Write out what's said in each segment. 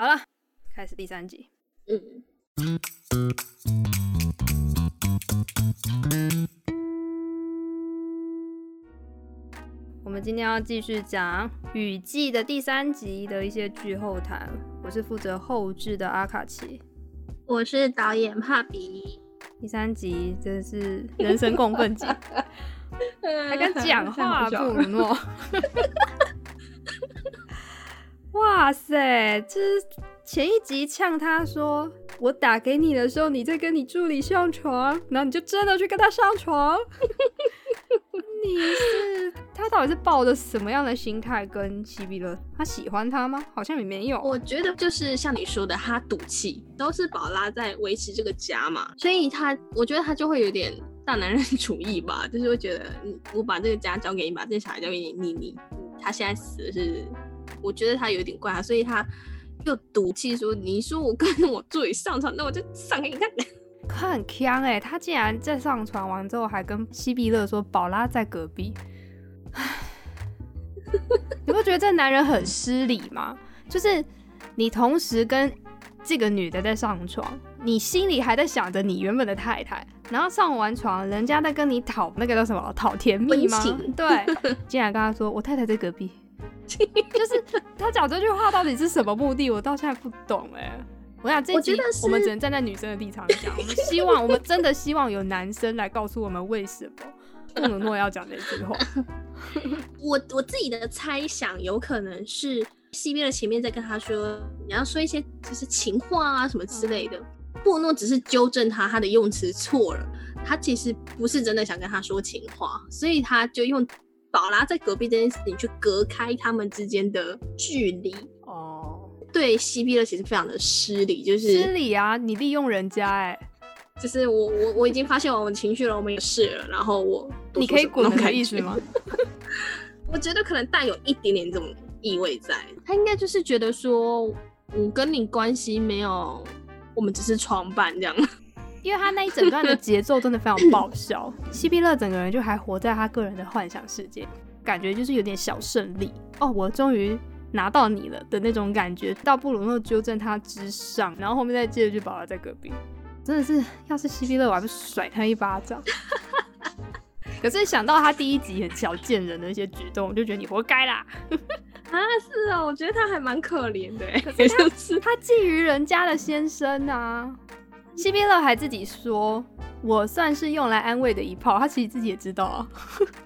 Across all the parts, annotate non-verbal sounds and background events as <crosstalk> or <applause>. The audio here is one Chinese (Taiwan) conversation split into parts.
好了，開始第三集。嗯，我們今天要繼續講《雨季》的第三集的一些劇後談。我是負責後製的阿卡奇，我是導演帕比。第三集真是人神共憤集， <laughs> 還敢講話布魯諾？諾 <laughs> 哇塞，這、就是、前一集嗆他說，我打給你的時候你在跟你助理上床，然後你就真的去跟他上床。 <laughs> 你是他到底是抱着什麼樣的心態跟希比勒？他喜歡他嗎？好像也沒有。我覺得就是像你說的，他賭氣，都是寶拉在維持這個家嘛，所以他我覺得他就會有點大男人主義吧，就是會覺得，我把這個家交給你，把這個小孩交給你，你你他現在死的是。我覺得他有點怪啊，所以他又賭氣說：“你說我跟我助理上床，那我就上給你看。”他很鏘哎、欸，他竟然在上床完之後還跟希比勒說：“寶拉在隔壁。”你不覺得這男人很失禮嗎？就是你同時跟這個女的在上床，你心裡還在想着你原本的太太，然後上完床，人家在跟你討那個叫什麼討甜蜜嗎？情對，竟然跟他說：“ <laughs> 我太太在隔壁。” <laughs> 就是他講這句話到底是什麼目的， <laughs> 我到現在不懂哎、欸。我想這一集我，覺得我們只能站在女生的立場講，我們希望 <laughs> 我們真的希望有男生來告訴我們為什麼 <laughs> 布魯諾要講那句話。 <laughs> 我我自己的猜想有可能是西邊的前面在跟他說你要說一些就是情話啊什麼之類的，布魯諾、嗯、只是糾正他他的用詞錯了，他其實不是真的想跟他說情話，所以他就用。寶拉在隔壁這件事情，去隔開他們之間的距離哦。Oh. 對，C P 了其實非常的失禮，就是失禮啊！你利用人家哎、欸，就是我我我已經發現完我們情緒了，我沒有事了，然後我你可以滾開意識嗎？ <laughs> 我覺得可能帶有一點點這種意味在，他應該就是覺得說，我跟你關係沒有，我們只是床伴這樣。因為他那一整段的節奏真的非常爆笑， <coughs> 希比勒整個人就還活在他個人的幻想世界，感覺就是有點小勝利哦，我終於拿到你了的那種感覺。到布魯諾糾正他之上，然後後面再接着就寶拉。在隔壁，真的是要是希比勒，我還不甩他一巴掌。 <laughs> 可是想到他第一集很小賤人的一些舉動，我就覺得你活該啦。 <laughs> 啊，是哦，我覺得他還蠻可憐的，他覬覦人家的先生啊。希比勒還自己說，我算是用來安慰的一炮。他其實自己也知道啊。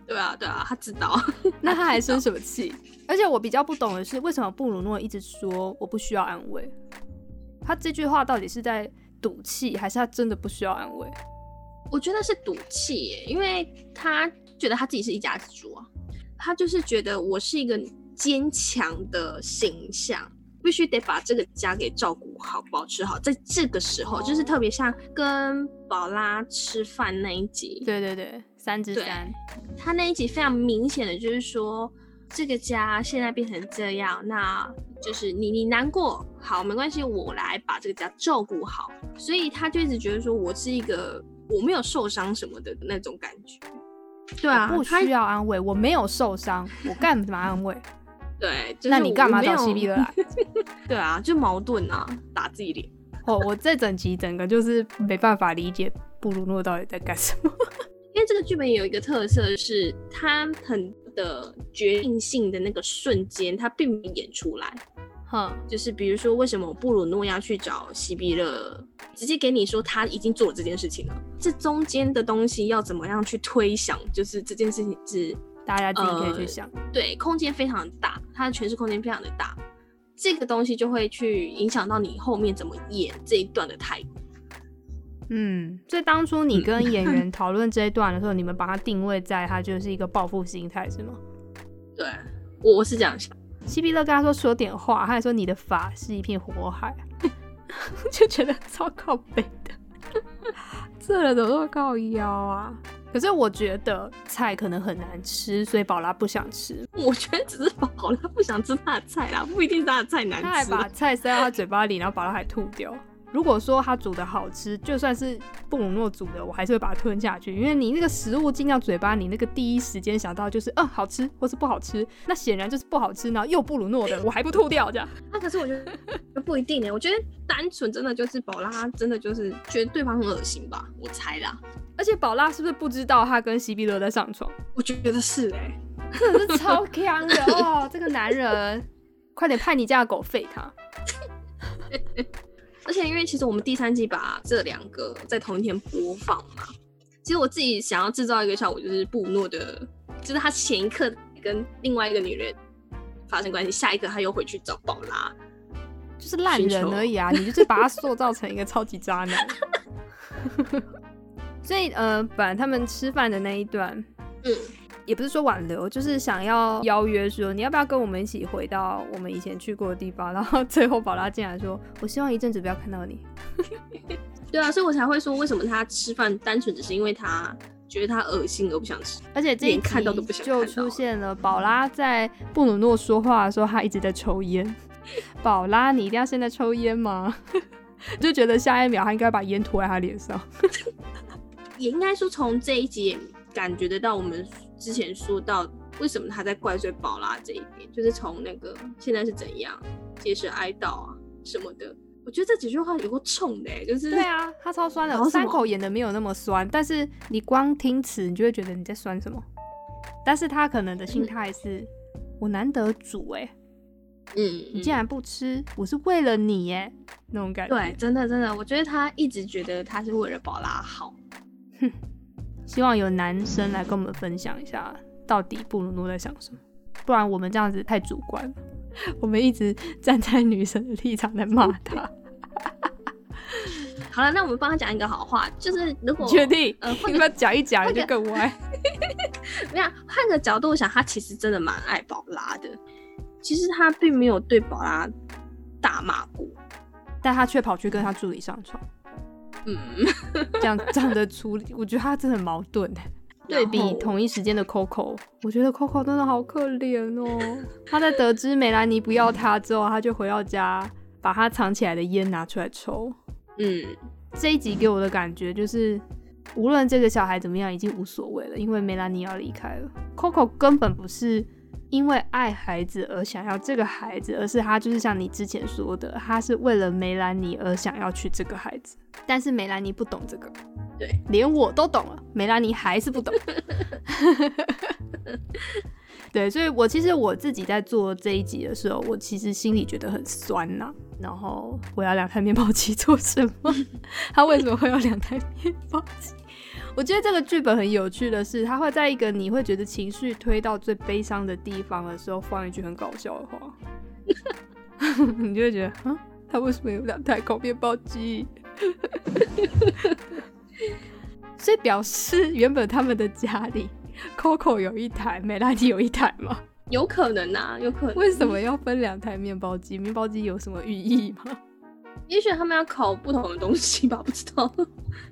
對啊，對啊，他知道。他知道 <laughs> 那他還生什麼氣？而且我比較不懂的是，為什麼布魯諾一直說我不需要安慰？他這句話到底是在賭氣，還是他真的不需要安慰？我覺得是賭氣耶，因為他覺得他自己是一家之主啊。他就是覺得我是一個堅強的形象。必須得把這個家給照顧好，保持好。在這個時候，哦、就是特別像跟寶拉吃飯那一集。對對對，三之三，他那一集非常明顯的，就是說這個家現在變成這樣，那就是你你難過，好，沒關係，我來把這個家照顧好。所以他就一直覺得說我是一個我沒有受傷什麼的那種感覺。對啊，不需要安慰，他我沒有受傷，我幹嘛安慰？ <laughs> 對，就是、那你幹嘛找西比勒來？ <laughs> 對啊，就矛盾啊，打自己臉。哦 <laughs> ，Oh, 我這整集整個就是沒辦法理解布魯諾到底在幹什麼。 <laughs> 因為這個劇本有一個特色是，是他很的決定性的那個瞬間，他並沒有演出來。哈，Huh. 就是比如說，為什麼布魯諾要去找西比勒？直接給你說他已經做了這件事情了，這中間的東西要怎麼樣去推想？就是這件事情是。大家就可以去想，呃，對，空間非常大，它的詮釋空間非常的大，這個東西就會去影響到你後面怎麼演這一段的態度。嗯，所以當初你跟演員討論這一段的時候，嗯、你們把它定位在它就是一個報復心態，是嗎？對，我是這樣想。希皮勒跟他說說點話，他還說你的法是一片火海， <laughs> 就覺得超靠北。 <laughs> 這人怎麼這麼靠腰啊！可是我覺得菜可能很難吃，所以寶拉不想吃。我覺得只是寶拉不想吃他的菜啦，不一定是他的菜難吃。他把菜塞到他嘴巴裡，然後寶拉還吐掉。如果說他煮的好吃，就算是布魯諾煮的，我還是會把它吞下去。因為你那個食物進到嘴巴，你那個第一時間想到就是，嗯，好吃或是不好吃，那顯然就是不好吃呢，然後又布魯諾的，我還不吐掉這樣。那、啊、可是我覺得不一定呢、欸。我覺得單純真的就是寶拉真的就是覺得對方很惡心吧，我猜啦。而且寶拉是不是不知道他跟西比勒在上床？我覺得是哎、欸，真的超強的 <laughs> 哦，這個男人， <laughs> 快點派你家的狗廢他。 <laughs> 而且因為其實我們第三集把這兩個在同一天播放嘛，其實我自己想要製造一個效果，就是布魯諾的，就是他前一刻跟另外一個女人發生關係，下一刻他又回去找寶拉，就是爛人而已啊，求你就是把他塑造成一個超級渣男。 <laughs> <laughs> 所以呃，本來他們吃飯的那一段，嗯。也不是說挽留，就是想要邀約說，說你要不要跟我們一起回到我們以前去過的地方？然後最後寶拉進來說：“我希望一陣子不要看到你。” <laughs> 對啊，所以我才會說，為什麼他吃飯，單純只是因為他覺得他惡心而不想吃。而且這一看到都不想。就出現了寶拉在布魯諾說話的時候，他一直在抽菸。寶 <laughs> 拉，你一定要現在抽菸嗎？ <laughs> 就覺得下一秒他應該把菸吐在他臉上。 <laughs> 也應該說，從這一集也感覺得到我們。之前說到為什麼他在怪罪寶拉這一點，就是從那個現在是怎樣，結石哀悼啊什麼的，我覺得這幾句話有夠衝的、欸，就是對啊，他超酸的，我三口演的沒有那麼酸，但是你光聽詞，你就會覺得你在酸什麼。但是他可能的心態是，嗯、我難得煮哎、欸，嗯，嗯，你竟然不吃，我是為了你耶、欸，那種感覺。對，真的真的，我覺得他一直覺得他是為了寶拉好，哼。希望有男生來跟我們分享一下，到底布魯諾在想什麼？不然我們這樣子太主觀了。我們一直站在女生的立場來罵他。 <laughs> <laughs> 好了，那我們幫他講一個好話，就是如果決定，呃，你要不要講一講個，你就更歪。你看，換個角度我想，他其實真的蠻愛寶拉的。其實他並沒有對寶拉大罵過，但他卻跑去跟他助理上床。嗯， <laughs> 這樣這樣的處理，我覺得他真的很矛盾欸。對比同一時間的 Coco，我覺得 Coco 真的好可憐哦。他在得知梅蘭妮不要他之後，他就回到家，把他藏起來的煙拿出來抽。嗯，這一集給我的感覺就是，無論這個小孩怎麼樣，已經無所謂了，因為梅蘭妮要離開了。Coco 根本不是，因為愛孩子而想要這個孩子，而是他就是像你之前說的，他是為了梅蘭妮而想要娶這個孩子。但是梅蘭妮不懂這個，對，連我都懂了，梅蘭妮還是不懂。 <laughs> 對，所以我其實我自己在做這一集的時候，我其實心裡覺得很酸吶、啊。然後我要兩台麵包機做什麼？他為什麼會有兩台麵包機？我覺得這個劇本很有趣的是，他會在一個你會覺得情緒推到最悲傷的地方的時候，放一句很搞笑的話， <laughs> <laughs> 你就會覺得，嗯，他為什麼有兩台烤麵包機？ <laughs> 所以表示原本他們的家裡，Coco 有一台，美拉蒂有一台嗎？有可能啊，有可能。為什麼要分兩台麵包機？麵包機有什麼寓意嗎？也許他們要烤不同的東西吧，不知道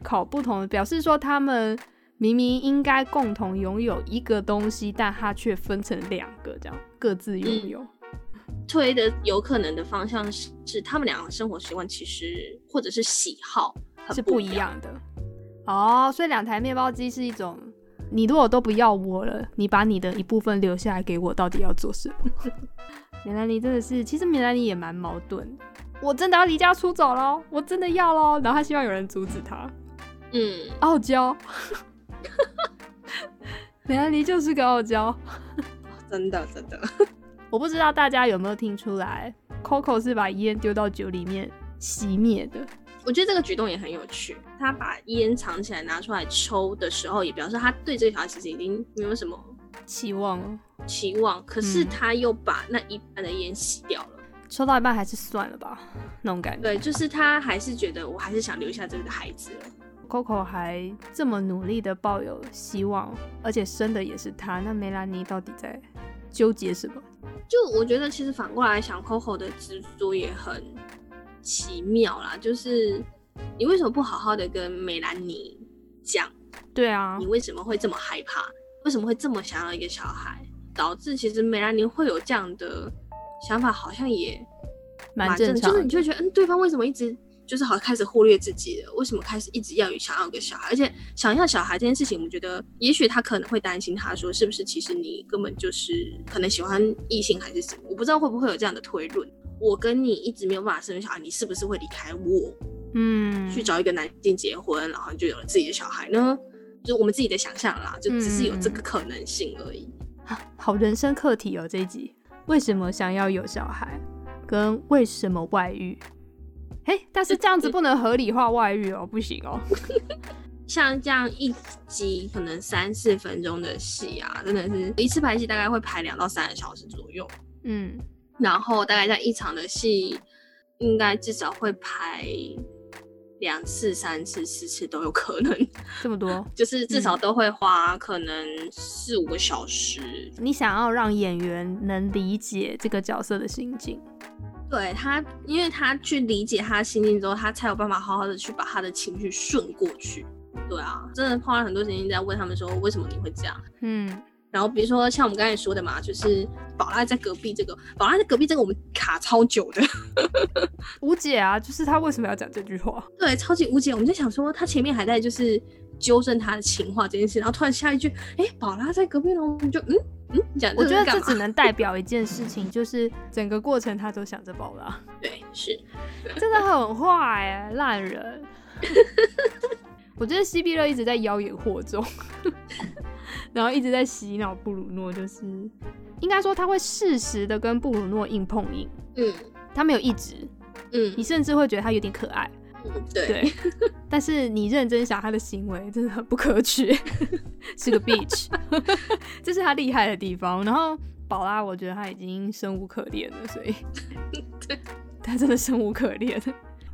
烤不同的，的表示說他們明明應該共同擁有一個東西，但它卻分成兩個，這樣各自擁有。推的有可能的方向是是他們兩個生活習慣其實或者是喜好是不一樣的。哦、Oh，所以兩台面包機是一種，你如果都不要我了，你把你的一部分留下來給我，到底要做什麼？米蘭妮真的是，其實米蘭妮也蠻矛盾。我真的要離家出走咯，我真的要咯，然後他希望有人阻止他。嗯，傲嬌，美安妮就是個傲嬌， <laughs> 真的真的。我不知道大家有沒有聽出來，Coco 是把煙丟到酒裡面熄滅的。我覺得這個舉動也很有趣。他把煙藏起來，拿出來抽的時候，也表示他對這條其實已經沒有什麼期望了。期望，可是他又把那一半的煙洗掉了。嗯說到一半還是算了吧，那種感覺。對，就是他還是覺得我還是想留下這個孩子。Coco 還這麼努力的抱有希望，而且生的也是他。那梅蘭妮到底在糾結什麼？就我覺得，其實反過來想，Coco 的執着也很奇妙啦。就是你為什麼不好好的跟梅蘭妮講？對啊，你為什麼會這麼害怕？為什麼會這麼想要一個小孩？導致其實梅蘭妮會有這樣的。想法好像也蠻正常，真的，就是你就會覺得，嗯，嗯，嗯，對方為什麼一直就是好像開始忽略自己了？為什麼開始一直要想要個小孩？而且想要小孩這件事情，我覺得也許他可能會擔心，他說是不是其實你根本就是可能喜歡異性還是什麼？我不知道會不會有這樣的推論。我跟你一直沒有辦法生小孩，你是不是會離開我？嗯，去找一個男性結婚，嗯、然後就有了自己的小孩呢？就我們自己的想象啦，就只是有這個可能性而已。嗯啊、好，人生課題哦，這一集。為什麼想要有小孩，跟為什麼外遇？欸，但是這樣子不能合理化外遇哦， <laughs> 不行哦。像這樣一集可能三四分鐘的戲啊，真的是一次排戲大概會排兩到三個小時左右，嗯，然後大概在一場的戲應該至少會拍兩次、三次、四次都有可能，這麼多， <laughs> 就是至少都會花可能四、嗯、四五個小時。你想要讓演員能理解這個角色的心境，對他，因為他去理解他的心境之後，他才有辦法好好的去把他的情緒順過去。對啊，真的花了很多時間在問他們說，為什麼你會這樣？嗯。然後比如說像我們剛才說的嘛，就是寶拉在隔壁這個，寶拉在隔壁這個我們卡超久的，無 <laughs> 解啊，就是他為什麼要講這句話？對，超級無解，我們就想說他前面還在就是糾正他的情話這件事，然後突然下一句，哎，寶拉在隔壁呢，我們就嗯嗯講這。我覺得這只能代表一件事情， <laughs> 就是整個過程他都想着寶拉。對，是真的很壞，欸，爛 <laughs> 懶人。 <laughs> 我覺得西比勒一直在妖言惑眾。 <laughs> 然後一直在洗腦布魯諾，就是應該說他會適時的跟布魯諾硬碰硬，嗯，他沒有一直，嗯，你甚至會覺得他有點可愛，嗯，對，但是你認真想他的行為真的很不可取，是個 bitch，這是他厲害的地方。然後寶拉，我覺得他已經生無可戀了，所以，對，他真的生無可戀。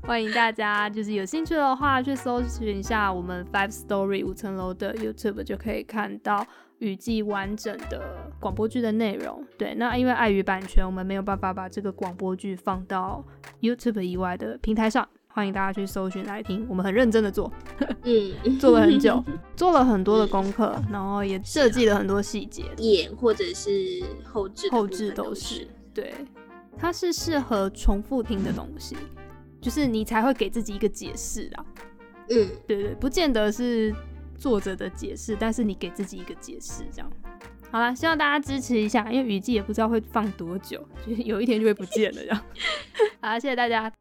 歡迎大家，就是有興趣的話去搜尋一下我們 Five Story 五層樓的 YouTube，就可以看到雨季完整的廣播劇的內容。對，那因為礙於版權，我們沒有辦法把這個廣播劇放到 YouTube 以外的平台上。歡迎大家去搜尋來聽，我們很認真的做，嗯， <laughs> 做了很久，做了很多的功課，嗯、然後也設計了很多細節，演或者是後製，後製都是。對，它是適合重複聽的東西。就是你才會給自己一個解釋啊，嗯，對，對對，不見得是作者的解釋，但是你給自己一個解釋，這樣。好了，希望大家支持一下，因為雨季也不知道會放多久，就是有一天就會不見了這樣。 <laughs> 好，謝謝大家。